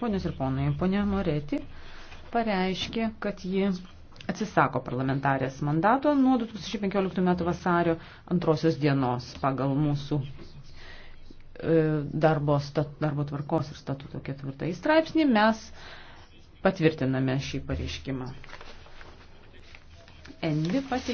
Ponios ir ponai, ponia Moreti pareiškė, kad ji atsisako parlamentarės mandato nuo 2015 m. vasario antrosios dienos pagal mūsų e, darbo, stat, darbo tvarkos ir statuto ketvirtąjį straipsnį. Mes patvirtiname šį pareiškimą. Envi pateikė.